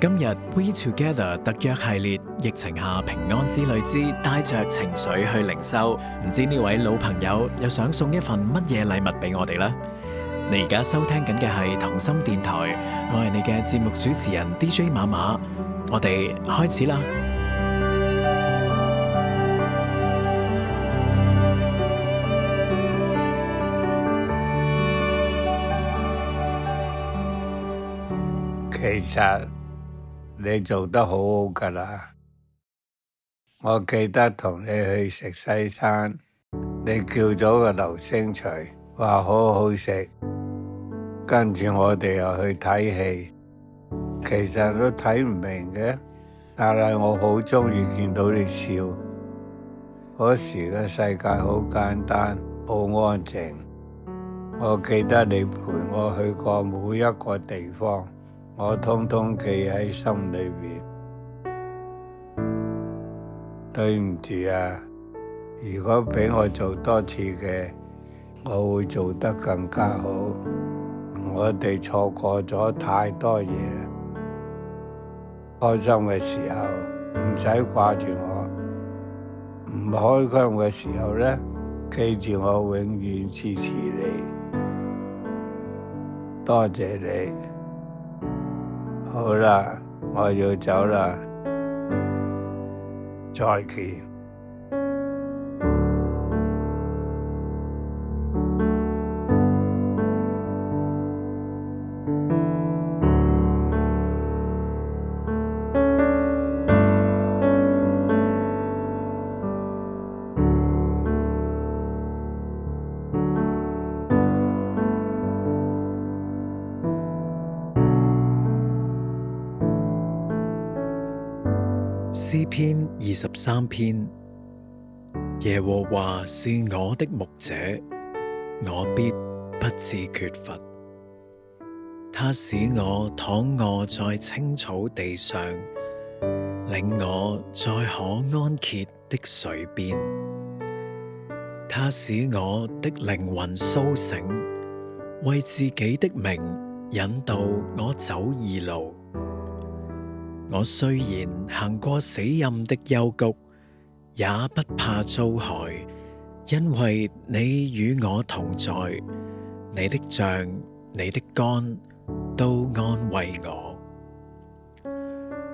今日 We Together 特約系列，疫情下平安之旅之帶着情緒去靈修，唔知呢位老朋友又想送一份乜嘢禮物俾我哋呢？你而家收聽緊嘅係同心電台，我係你嘅節目主持人 DJ 馬馬，我哋開始啦。其實。你做得好好噶啦！我記得同你去食西餐，你叫咗個流星錘，話好好食。跟住我哋又去睇戲，其實都睇唔明嘅，但係我好中意見到你笑。嗰時嘅世界好簡單，好安靜。我記得你陪我去過每一個地方。我通通記喺心裏邊，對唔住啊！如果俾我做多次嘅，我會做得更加好。我哋錯過咗太多嘢。開心嘅時候唔使掛住我，唔開心嘅時候咧，記住我永遠支持你，多謝你。好啦，我要走啦，再見。篇二十三篇，耶和華是我的牧者，我必不致缺乏。他使我躺臥在青草地上，領我在可安歇的水邊。他使我的靈魂甦醒，為自己的名引導我走義路。我雖然行過死蔭的幽谷，也不怕遭害，因為你與我同在，你的杖、你的竿都安慰我。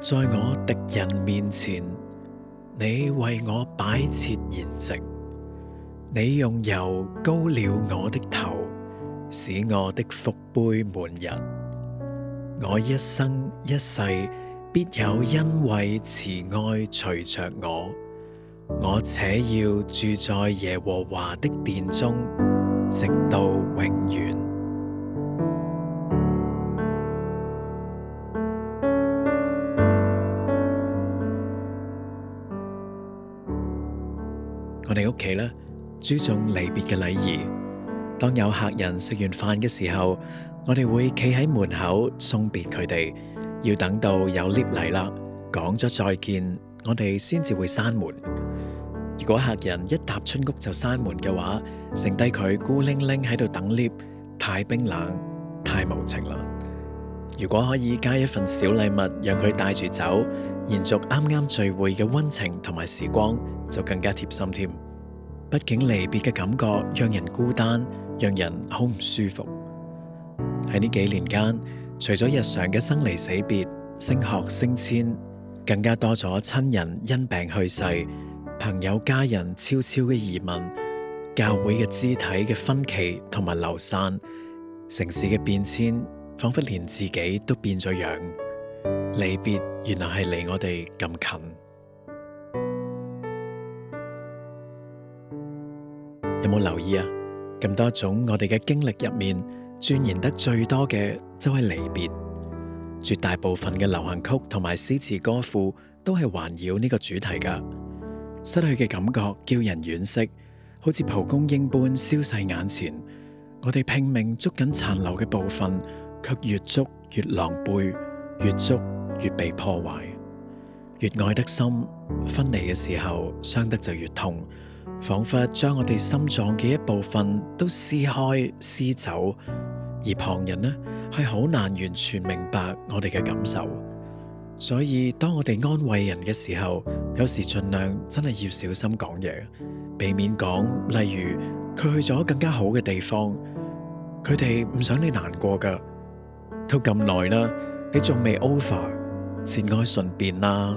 在我敵人面前，你為我擺設筵席，你用油膏了我的頭，使我的福杯滿溢。我一生一世。必有恩惠、慈愛隨着我，我且要住在耶和華的殿中，直到永遠。 我哋屋企呢，注重離別嘅禮儀，當有客人食完飯嘅時候，我哋會企喺門口送別佢哋。要等到有 lift 嚟啦，講咗再見，我哋先至會閂門。如果客人一踏出屋就閂門嘅話，剩低佢孤零零喺度等 lift，太冰冷，太無情啦。如果可以加一份小禮物，讓佢帶住走，延續啱啱聚會嘅溫情同埋時光，就更加貼心添。畢竟離別嘅感覺，讓人孤單，讓人好唔舒服。喺呢幾年間，除咗日常嘅生離死別、升學升遷，更加多咗親人因病去世、朋友家人悄悄嘅移民、教會嘅肢體嘅分歧同埋流散、城市嘅變遷，仿佛連自己都變咗樣。離別原來係離我哋咁近，有冇留意啊？咁多種我哋嘅經歷入面。轉言得最多嘅就係離別，絕大部分嘅流行曲同埋詩詞歌賦都係環繞呢個主題噶失去嘅感覺叫人惋惜，好似蒲公英般消逝眼前。我哋拼命捉緊殘留嘅部分，卻越捉越狼狽，越捉越被破壞。越愛得深，分離嘅時候傷得就越痛。仿佛將我哋心臟嘅一部分都撕開撕走，而旁人呢係好難完全明白我哋嘅感受。所以當我哋安慰人嘅時候，有時盡量真係要小心講嘢，避免講例如佢去咗更加好嘅地方，佢哋唔想你難過噶。都咁耐啦，你仲未 over？節哀順變啦。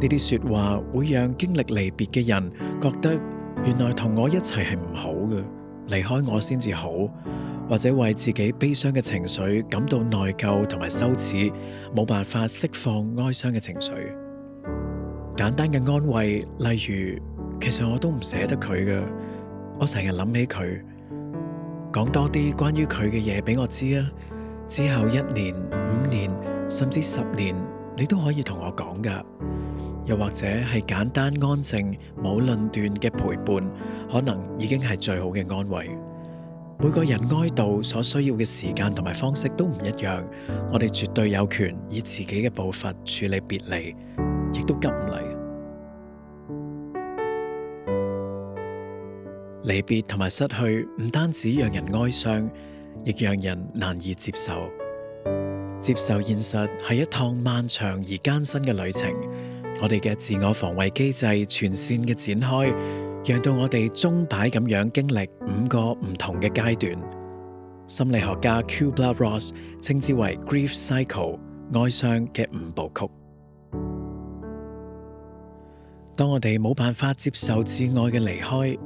呢啲說話會讓經歷離別嘅人覺得原來同我一齊係唔好嘅，離開我先至好，或者為自己悲傷嘅情緒感到內疚同埋羞恥，冇辦法釋放哀傷嘅情緒。簡單嘅安慰，例如其實我都唔捨得佢嘅，我成日諗起佢，講多啲關於佢嘅嘢俾我知啊。之後一年、五年甚至十年，你都可以同我講噶。又或者係簡單安靜冇論斷嘅陪伴，可能已經係最好嘅安慰。每個人哀悼所需要嘅時間同埋方式都唔一樣，我哋絕對有權以自己嘅步伐處理別離，亦都急唔嚟。離別同埋失去唔單止讓人哀傷，亦讓人難以接受。接受現實係一趟漫長而艱辛嘅旅程。我哋嘅自我防衛機制全線嘅展開，讓到我哋中擺咁樣經歷五個唔同嘅階段。心理學家 Kübler-Ross 稱之為 Grief Cycle，哀傷嘅五部曲。當我哋冇辦法接受至愛嘅離開，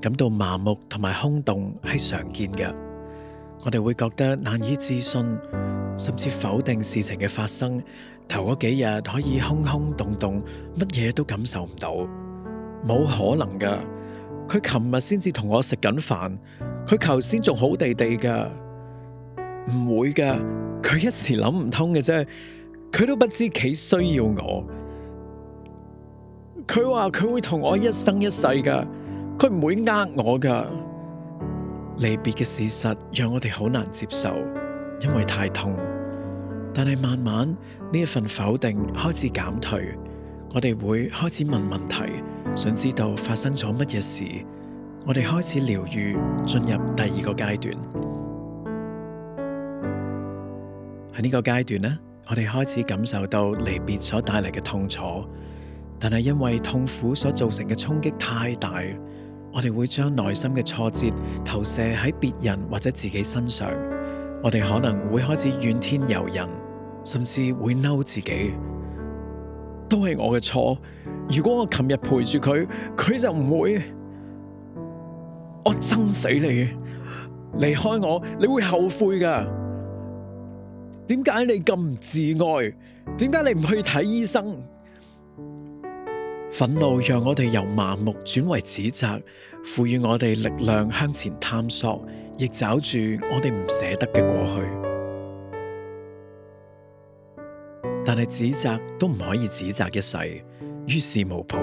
感到麻木同埋空洞係常見嘅，我哋會覺得難以置信。甚至否定事情嘅發生，頭嗰幾日可以空空洞洞，乜嘢都感受唔到，冇可能噶。佢琴日先至同我食緊飯，佢頭先仲好地地噶，唔會噶。佢一時諗唔通嘅啫，佢都不知幾需要我。佢話佢會同我一生一世噶，佢唔會呃我噶。離別嘅事實讓我哋好難接受，因為太痛。但係慢慢呢一份否定開始減退，我哋會開始問問題，想知道發生咗乜嘢事。我哋開始療癒，進入第二個階段。喺呢個階段呢，我哋開始感受到離別所帶嚟嘅痛楚，但係因為痛苦所造成嘅衝擊太大，我哋會將內心嘅挫折投射喺別人或者自己身上。我哋可能會開始怨天尤人，甚至會嬲自己，都係我嘅錯。如果我琴日陪住佢，佢就唔會。我憎死你！離開我，你會後悔㗎。點解你咁唔自愛？點解你唔去睇醫生？憤怒讓我哋由麻木轉為指責，賦予我哋力量向前探索。亦找住我哋唔捨得嘅過去，但係指責都唔可以指責一世，於事無補。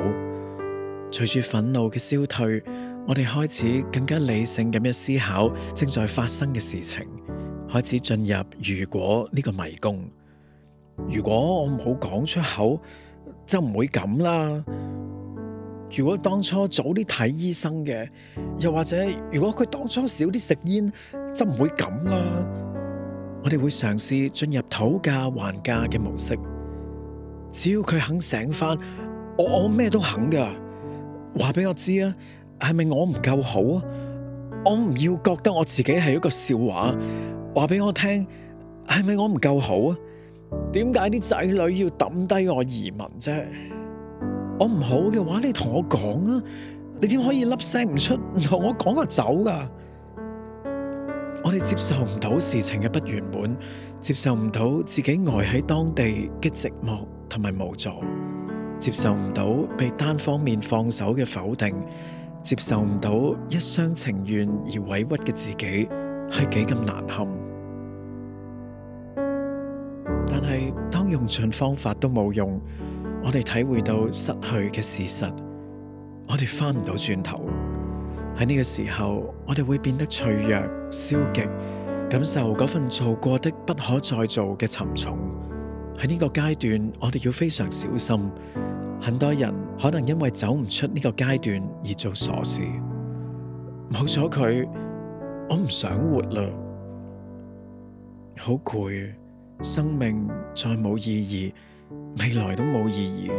隨住憤怒嘅消退，我哋開始更加理性咁樣思考正在發生嘅事情，開始進入如果呢個迷宮。如果我冇講出口，就唔會咁啦。如果當初早啲睇醫生嘅，又或者如果佢當初少啲食煙，就唔會咁啦。我哋會嘗試進入討價還價嘅模式。只要佢肯醒翻，我我咩都肯噶。話俾我知啊，係咪我唔夠好啊？我唔要覺得我自己係一個笑話。話俾我聽，係咪我唔夠好啊？點解啲仔女要抌低我移民啫？我唔好嘅話，你同我講啊！你點可以粒聲唔出，唔同我講就走噶？ 我哋接受唔到事情嘅不圓滿，接受唔到自己呆喺當地嘅寂寞同埋無助，接受唔到被單方面放手嘅否定，接受唔到一廂情願而委屈嘅自己係幾咁難堪。但係當用盡方法都冇用。我哋體會到失去嘅事實，我哋翻唔到轉頭。喺呢個時候，我哋會變得脆弱、消極，感受嗰份做過的不可再做嘅沉重。喺呢個階段，我哋要非常小心。很多人可能因為走唔出呢個階段而做傻事。冇咗佢，我唔想活啦，好攰，生命再冇意義。未來都冇意義，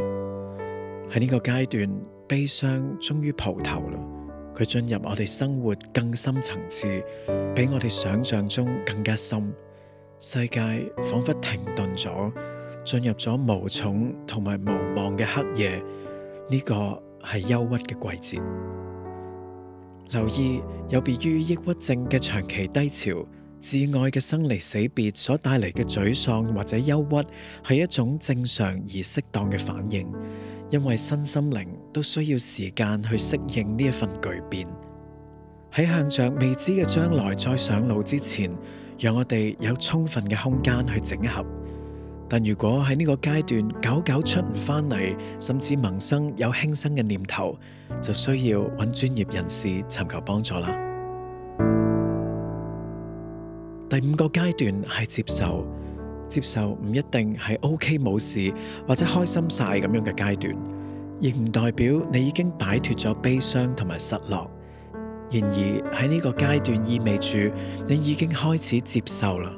喺呢個階段，悲傷終於蒲頭啦。佢進入我哋生活更深層次，比我哋想象中更加深。世界仿佛停頓咗，進入咗無重同埋無望嘅黑夜。呢個係憂鬱嘅季節。留意有別於抑鬱症嘅長期低潮。至愛嘅生離死別所帶嚟嘅沮喪或者憂鬱，係一種正常而適當嘅反應，因為身心靈都需要時間去適應呢一份巨變。喺向着未知嘅將來再上路之前，讓我哋有充分嘅空間去整合。但如果喺呢個階段久久出唔翻嚟，甚至萌生有輕生嘅念頭，就需要揾專業人士尋求幫助啦。第五個階段係接受，接受唔一定係 OK、冇事或者開心晒咁樣嘅階段，亦唔代表你已經擺脫咗悲傷同埋失落。然而喺呢個階段意味住你已經開始接受啦，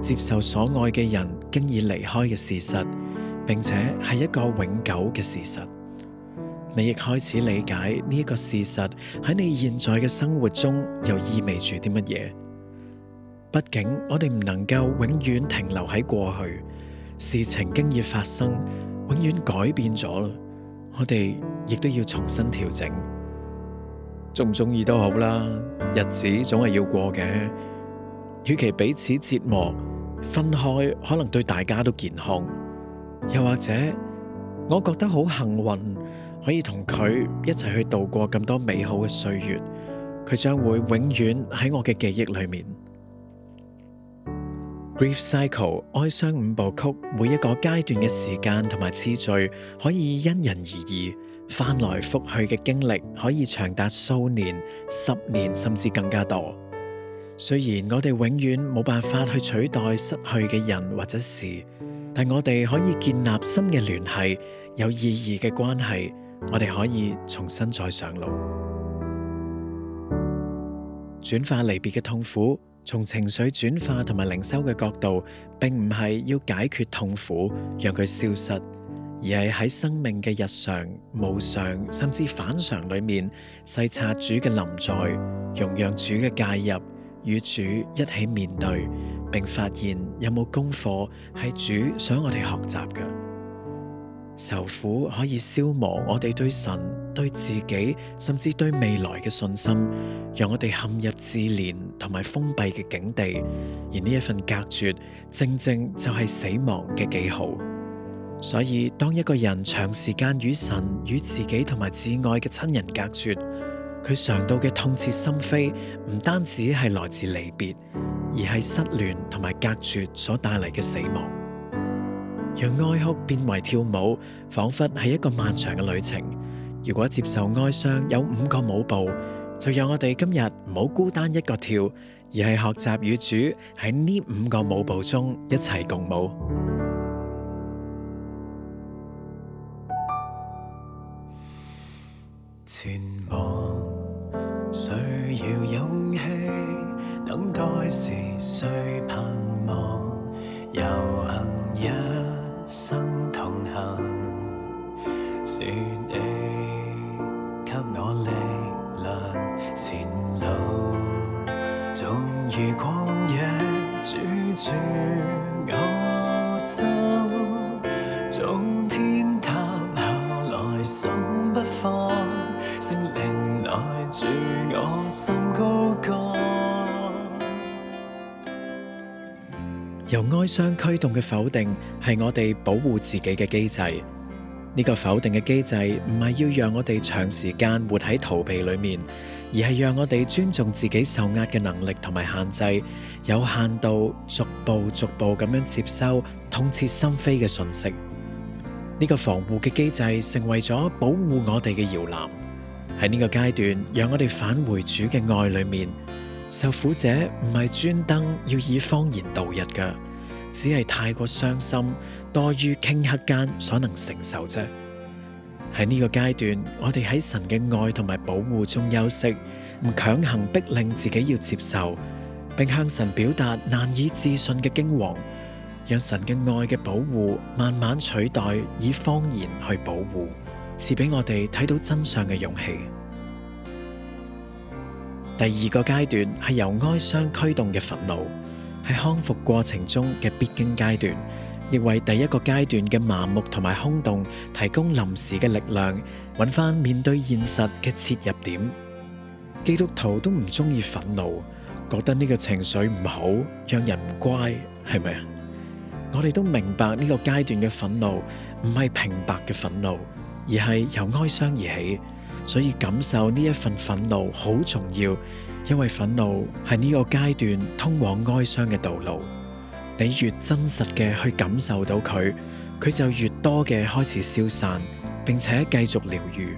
接受所愛嘅人經已離開嘅事實，並且係一個永久嘅事實。你亦開始理解呢一個事實喺你現在嘅生活中又意味住啲乜嘢？畢竟我哋唔能夠永遠停留喺過去，事情經已發生，永遠改變咗啦。我哋亦都要重新調整，鍾唔鍾意都好啦，日子總係要過嘅。與其彼此折磨，分開可能對大家都健康。又或者，我覺得好幸運，可以同佢一齊去度過咁多美好嘅歲月，佢將會永遠喺我嘅記憶裏面。Grief cycle，哀傷五部曲，每一個階段嘅時間同埋次序可以因人而異，翻來覆去嘅經歷可以長達數年、十年甚至更加多。雖然我哋永遠冇辦法去取代失去嘅人或者事，但我哋可以建立新嘅聯繫，有意義嘅關係，我哋可以重新再上路，轉化離別嘅痛苦。從情緒轉化同埋靈修嘅角度，並唔係要解決痛苦，讓佢消失，而係喺生命嘅日常、無常甚至反常裏面，細察主嘅臨在、容讓主嘅介入，與主一起面對，並發現有冇功課係主想我哋學習嘅。愁苦可以消磨我哋對神、對自己，甚至對未來嘅信心，讓我哋陷入自憐同埋封閉嘅境地。而呢一份隔絕，正正就係死亡嘅記號。所以，當一個人長時間與神、與自己同埋摯愛嘅親人隔絕，佢嘗到嘅痛徹心扉，唔單止係來自離別，而係失聯同埋隔絕所帶嚟嘅死亡。讓哀哭變為跳舞，仿佛係一個漫長嘅旅程。如果接受哀傷有五個舞步，就讓我哋今日唔好孤單一個跳，而係學習與主喺呢五個舞步中一齊共舞。前往需要勇氣，等待時需盼望，遊行一，生同行，是你給我力量，前路縱如曠野，光住住我心，縱天塌下來心不放。聖靈來住我心高歌。由哀傷驅動嘅否定，係我哋保護自己嘅機制，呢個否定嘅機制唔係要讓我哋長時間活喺逃避裏面，而係讓我哋尊重自己受壓嘅能力同埋限制，有限度逐步逐步咁樣接收痛徹心扉嘅訊息。呢個防護嘅機制成為咗保護我哋嘅搖籃。喺呢個階段，讓我哋返回主嘅愛裏面。受苦者唔係專登要以謊言度日噶只係太過傷心，多於頃刻間所能承受啫。喺呢個階段，我哋喺神嘅愛同埋保護中休息，唔強行逼令自己要接受，並向神表達難以置信嘅驚惶，讓神嘅愛嘅保護慢慢取代以謊言去保護，似俾我哋睇到真相嘅勇氣。第二個階段係由哀傷驅動嘅憤怒。喺康復過程中嘅必經階段，亦為第一個階段嘅麻木同埋空洞提供臨時嘅力量，揾翻面對現實嘅切入點。基督徒都唔中意憤怒，覺得呢個情緒唔好，讓人唔乖，係咪啊？我哋都明白呢個階段嘅憤怒唔係平白嘅憤怒，而係由哀傷而起。所以感受呢一份憤怒好重要，因為憤怒係呢個階段通往哀傷嘅道路。你越真實嘅去感受到佢，佢就越多嘅開始消散，並且繼續療愈。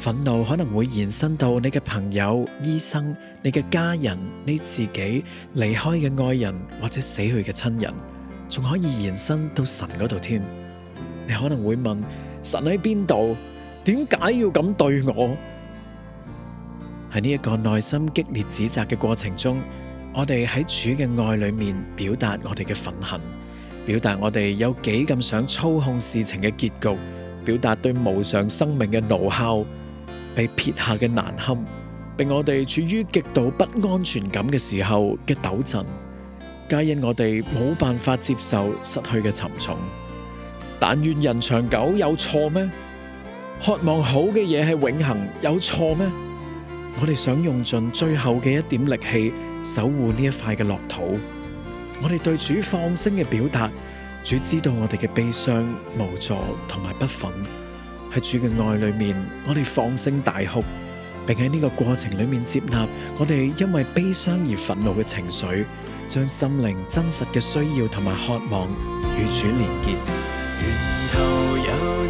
憤怒可能會延伸到你嘅朋友、醫生、你嘅家人、你自己、離開嘅愛人或者死去嘅親人，仲可以延伸到神嗰度添。你可能會問：神喺邊度？點解要咁對我？喺呢一個內心激烈指責嘅過程中，我哋喺主嘅愛裏面表達我哋嘅憤恨，表達我哋有幾咁想操控事情嘅結局，表達對無常生命嘅怒吼，被撇下嘅難堪，並我哋處於極度不安全感嘅時候嘅抖震，皆因我哋冇辦法接受失去嘅沉重。但願人長久，有錯咩？渴望好嘅嘢係永恒，有錯咩？我哋想用盡最後嘅一點力氣守護呢一塊嘅樂土。我哋對主放聲嘅表達，主知道我哋嘅悲傷、無助同埋不忿。喺主嘅愛裏面，我哋放聲大哭，並喺呢個過程裏面接納我哋因為悲傷而憤怒嘅情緒，將心靈真實嘅需要同埋渴望與主連結。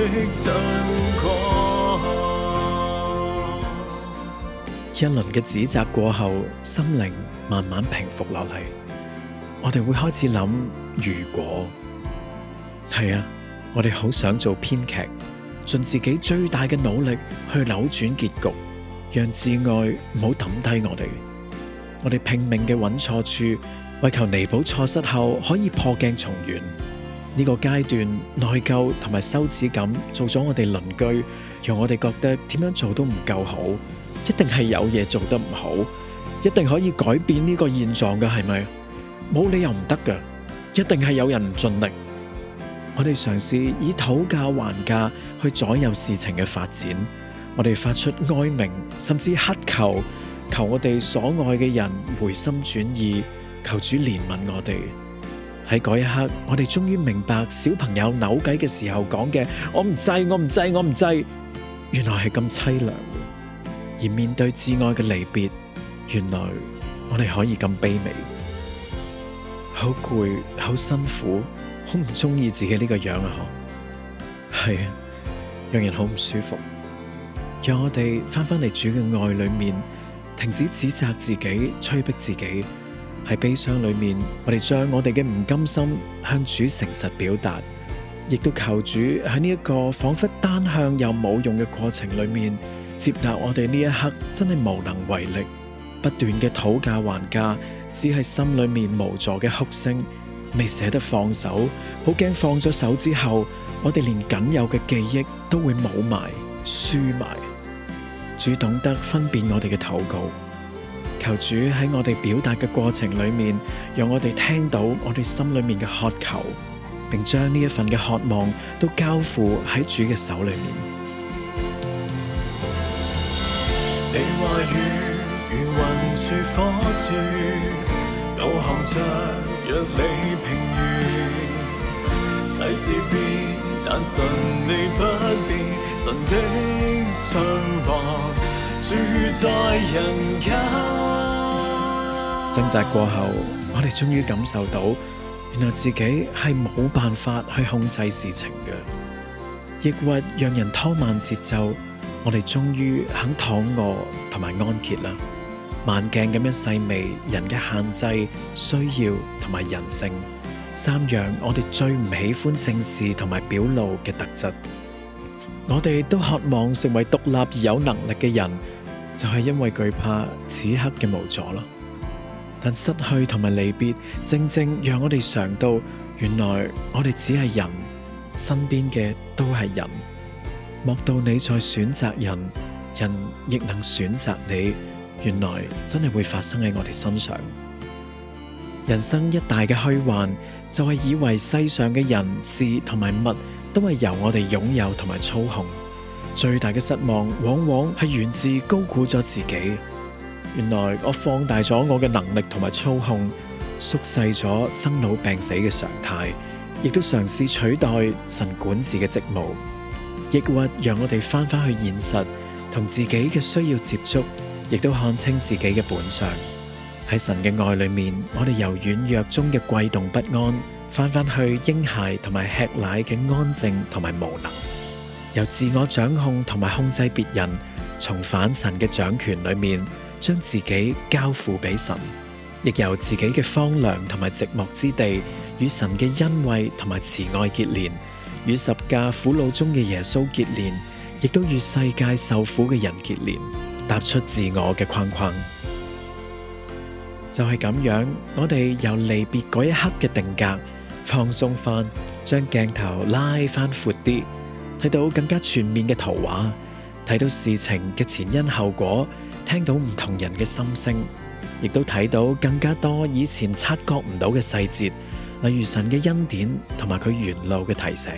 一輪嘅指責過後，心靈慢慢平復落嚟。我哋會開始諗：如果係啊，我哋好想做編劇，盡自己最大嘅努力去扭轉結局，讓至愛唔好抌低我哋。我哋拼命嘅揾錯處，為求彌補錯失後可以破鏡重圓。呢個階段，內疚同埋羞恥感，做咗我哋鄰居，讓我哋覺得點樣做都唔夠好，一定係有嘢做得唔好，一定可以改變呢個現狀嘅，係咪？冇理由唔得嘅，一定係有人唔盡力。我哋嘗試以討價還價去左右事情嘅發展，我哋發出哀鳴，甚至乞求，求我哋所愛嘅人回心轉意，求主憐憫我哋。喺嗰一刻，我哋終於明白，小朋友扭計嘅時候講嘅，我唔制，我唔制，我唔制，原來係咁淒涼。而面對至愛嘅離別，原來我哋可以咁卑微，好攰，好辛苦，好唔中意自己呢個樣啊！嗬，係啊，讓人好唔舒服。讓我哋翻返嚟主嘅愛裏面，停止指責自己，催逼自己。喺悲傷裏面，我哋將我哋嘅唔甘心向主誠實表達，亦都求主喺呢一個仿佛單向又冇用嘅過程裏面接納我哋呢一刻真係無能為力，不斷嘅討價還價，只係心裏面無助嘅哭聲，未捨得放手，好驚放咗手之後，我哋連僅有嘅記憶都會冇埋、輸埋。主懂得分辨我哋嘅禱告。求主喺我哋表達嘅過程裏面，讓我哋聽到我哋心裏面嘅渴求，並將呢一份嘅渴望都交付喺主嘅手裏面。住人掙扎過後，我哋終於感受到，原來自己係冇辦法去控制事情嘅。抑鬱讓人拖慢節奏，我哋終於肯躺臥同埋安歇啦。慢鏡咁樣細味，人嘅限制、需要同埋人性三樣我哋最唔喜歡正視同埋表露嘅特質。我哋都渴望成為獨立而有能力嘅人。就係因為懼怕此刻嘅無助咯，但失去同埋離別，正正讓我哋嘗到原來我哋只係人，身邊嘅都係人，莫到你再選擇人，人亦能選擇你，原來真係會發生喺我哋身上。人生一大嘅虛幻，就係以為世上嘅人事同埋物都係由我哋擁有同埋操控。最大嘅失望，往往係源自高估咗自己。原來我放大咗我嘅能力同埋操控，縮細咗生老病死嘅常態，亦都嘗試取代神管治嘅職務。抑鬱讓我哋翻返去現實，同自己嘅需要接觸，亦都看清自己嘅本相。喺神嘅愛裏面，我哋由軟弱中嘅悸動不安，翻返去嬰孩同埋吃奶嘅安靜同埋無能。由自我掌控同埋控制別人，重返神嘅掌權裏面，將自己交付俾神，亦由自己嘅荒涼同埋寂寞之地，與神嘅恩惠同埋慈愛結連，與十架苦路中嘅耶穌結連，亦都與世界受苦嘅人結連，踏出自我嘅框框。就係、是、咁樣，我哋由離別嗰一刻嘅定格，放鬆翻，將鏡頭拉翻闊啲。睇到更加全面嘅圖畫，睇到事情嘅前因後果，聽到唔同人嘅心聲，亦都睇到更加多以前察覺唔到嘅細節，例如神嘅恩典同埋佢沿路嘅提醒。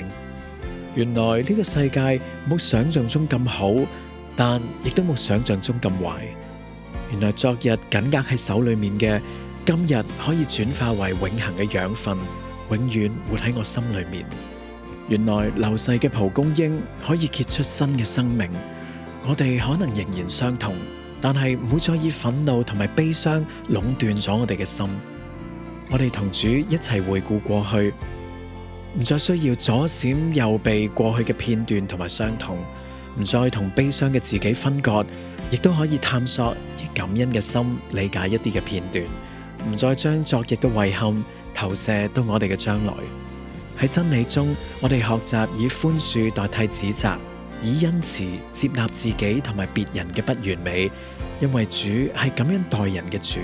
原來呢個世界冇想象中咁好，但亦都冇想象中咁壞。原來昨日緊握喺手裏面嘅，今日可以轉化為永恆嘅養分，永遠活喺我心裏面。原來流逝嘅蒲公英可以結出新嘅生命，我哋可能仍然傷痛，但係唔好再以憤怒同埋悲傷壟斷咗我哋嘅心。我哋同主一齊回顧過去，唔再需要左閃右避過去嘅片段同埋傷痛，唔再同悲傷嘅自己分割，亦都可以探索以感恩嘅心理解一啲嘅片段，唔再將昨日嘅遺憾投射到我哋嘅將來。喺真理中，我哋學習以寬恕代替指責，以恩慈接納自己同埋別人嘅不完美，因為主係咁樣待人嘅主。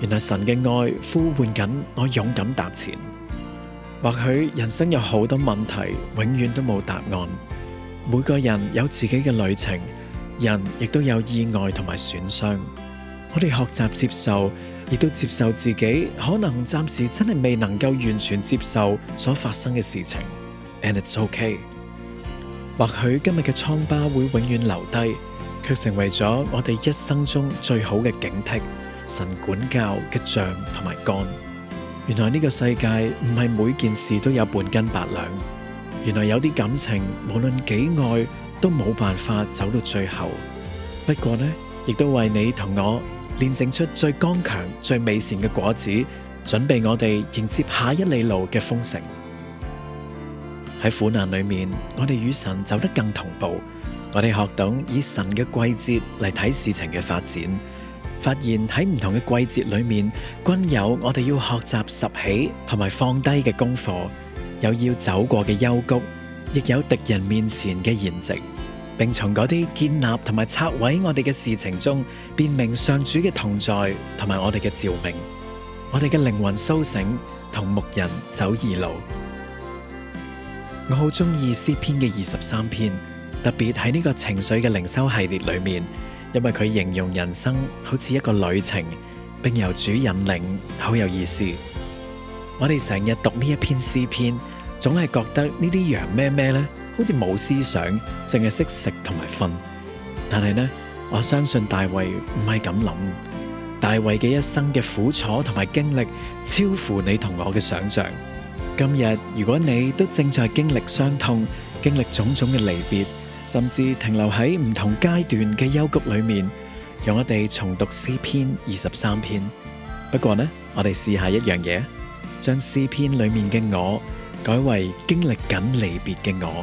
原來神嘅愛呼喚緊我勇敢踏前。或許人生有好多問題，永遠都冇答案，每個人有自己嘅旅程，人亦都有意外同埋損傷。我哋學習接受。亦都接受自己，可能暫時真係未能夠完全接受所發生嘅事情。And it's okay. 或許今日嘅瘡疤會永遠留低，卻成為咗我哋一生中最好嘅警惕、神管教嘅杖同埋竿。原來呢個世界唔係每件事都有半斤八兩。原來有啲感情無論幾愛都冇辦法走到最後。不過呢，亦都為你同我，煉製出最剛強、最美善嘅果子，準備我哋迎接下一里路嘅豐盛。喺苦難裏面，我哋與神走得更同步，我哋學懂以神嘅季節嚟睇事情嘅發展，發現喺唔同嘅季節裏面均有我哋要學習拾起同埋放低嘅功課，有要走過嘅幽谷，亦有敵人面前嘅筵席。並從嗰啲建立同埋拆毀我哋嘅事情中，辨明上主嘅同在同埋我哋嘅召命，我哋嘅靈魂甦醒，同牧人走義路。我好鍾意詩篇嘅二十三篇，特別喺呢個情緒嘅靈修系列裏面，因為佢形容人生好似一個旅程，並由主引領，好有意思。我哋成日讀呢一篇詩篇，總係覺得呢啲羊咩咩呢。好似冇思想，淨係識食同埋瞓。但係呢，我相信大衛唔係咁諗。大衛嘅一生嘅苦楚同埋經歷，超乎你同我嘅想象。今日如果你都正在經歷傷痛、經歷種種嘅離別，甚至停留喺唔同階段嘅幽谷裏面，讓我哋重讀詩篇二十三篇。不過呢，我哋試下一樣嘢，將詩篇裏面嘅我改為經歷緊離別嘅我。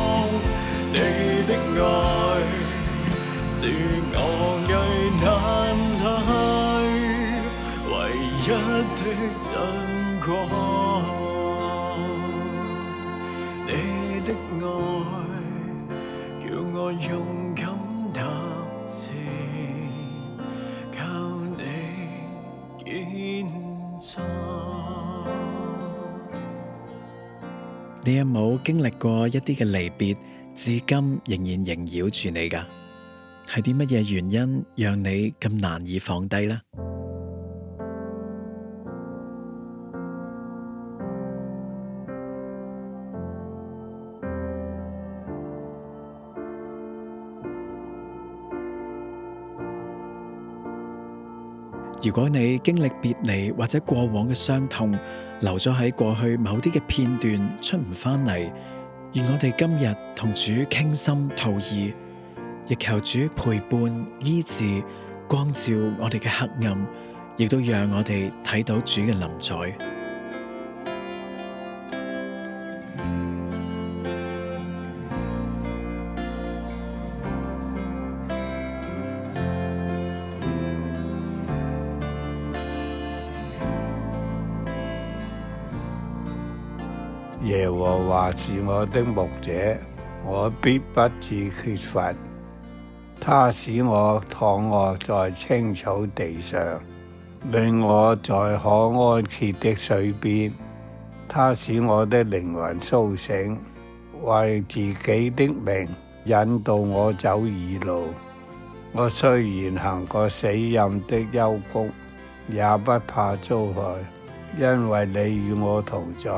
你的愛是我危難裏唯一的真光，你的愛叫我勇敢踏前，靠你肩膀。你有冇經歷過一啲嘅離別？至今仍然縈繞住你㗎？係啲乜嘢原因讓你咁難以放低呢？如果你經歷別離或者過往嘅傷痛，留咗喺過去某啲嘅片段出唔返嚟。而我哋今日同主傾心吐意，亦求主陪伴醫治、光照我哋嘅黑暗，亦都讓我哋睇到主嘅臨在。我的牧者，我必不致缺乏。他使我躺臥在青草地上，令我在可安歇的水邊。他使我的靈魂甦醒，為自己的名引導我走義路。我雖然行過死蔭的幽谷，也不怕遭害，因為你與我同在。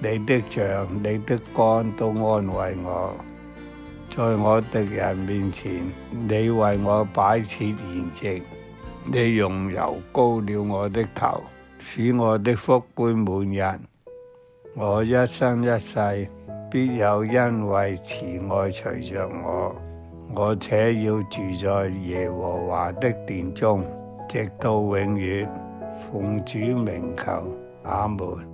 你的杖、你的竿都安慰我，在我敵人面前，你為我擺設筵席，你用油膏了我的頭，使我的福杯滿溢。我一生一世必有恩惠慈愛隨着我，我且要住在耶和華的殿中，直到永遠。奉主名求，阿門。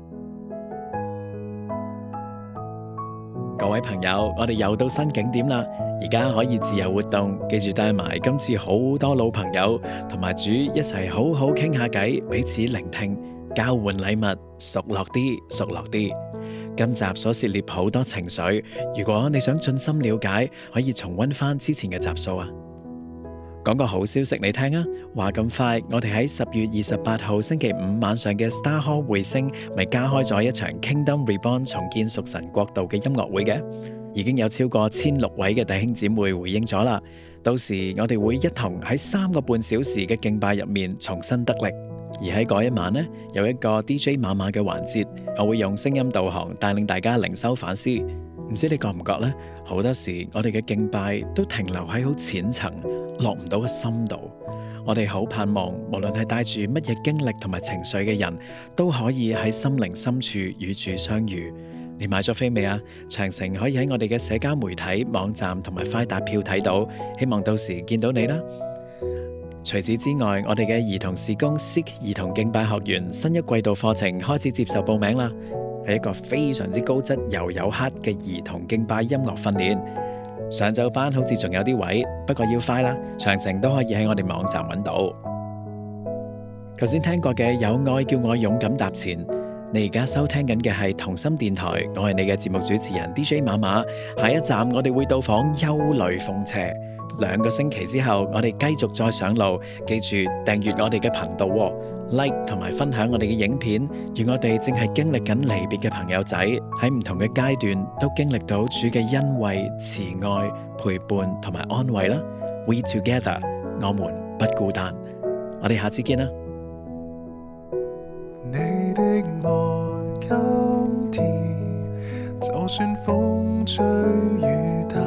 各位朋友，我哋又到新景點啦，而家可以自由活動，記住帶埋今次好好多老朋友同埋主一齊，好好傾下偈，彼此聆聽，交換禮物，熟絡啲，熟絡啲。今集所涉獵好多情緒，如果你想盡心了解，可以重温翻之前嘅集數啊。講個好消息你聽啊！話咁快，我哋喺十月二十八號星期五晚上嘅 Star Hall 匯星，咪加開咗一場 Kingdom Reborn 重建屬神國度嘅音樂會嘅。已經有超過千六位嘅弟兄姊妹回應咗啦。到時我哋會一同喺三個半小時嘅敬拜入面重新得力。而喺嗰一晚呢，有一個 DJ 馬馬嘅環節，我會用聲音導航帶領大家靈修反思。唔知你覺唔覺呢？好多時我哋嘅敬拜都停留喺好淺層，落唔到個深度。我哋好盼望，無論係帶住乜嘢經歷同埋情緒嘅人，都可以喺心靈深處與主相遇。你買咗飛未啊？詳情可以喺我哋嘅社交媒體網站同埋快達票睇到。希望到時見到你啦。除此之外，我哋嘅兒童事工思兒童敬拜學員新一季度課程開始接受報名啦。係一個非常之高質又有黑嘅兒童敬拜音樂訓練，上晝班好似仲有啲位，不過要快啦。詳情都可以喺我哋網站揾到。頭先 聽過嘅有愛叫我勇敢踏前，你而家收聽緊嘅係同心電台，我係你嘅節目主持人 DJ 馬馬、ah。下一站我哋會到訪憂慮風邪。兩個星期之後我哋繼續再上路，記住訂閱我哋嘅頻道、哦。Like 同埋分享我哋嘅影片，而我哋正係經歷緊離別嘅朋友仔，喺唔同嘅階段都經歷到主嘅恩惠、慈愛、陪伴同埋安慰啦。We together，我們不孤單。我哋下次見啦。你的愛，今天就算風吹雨打。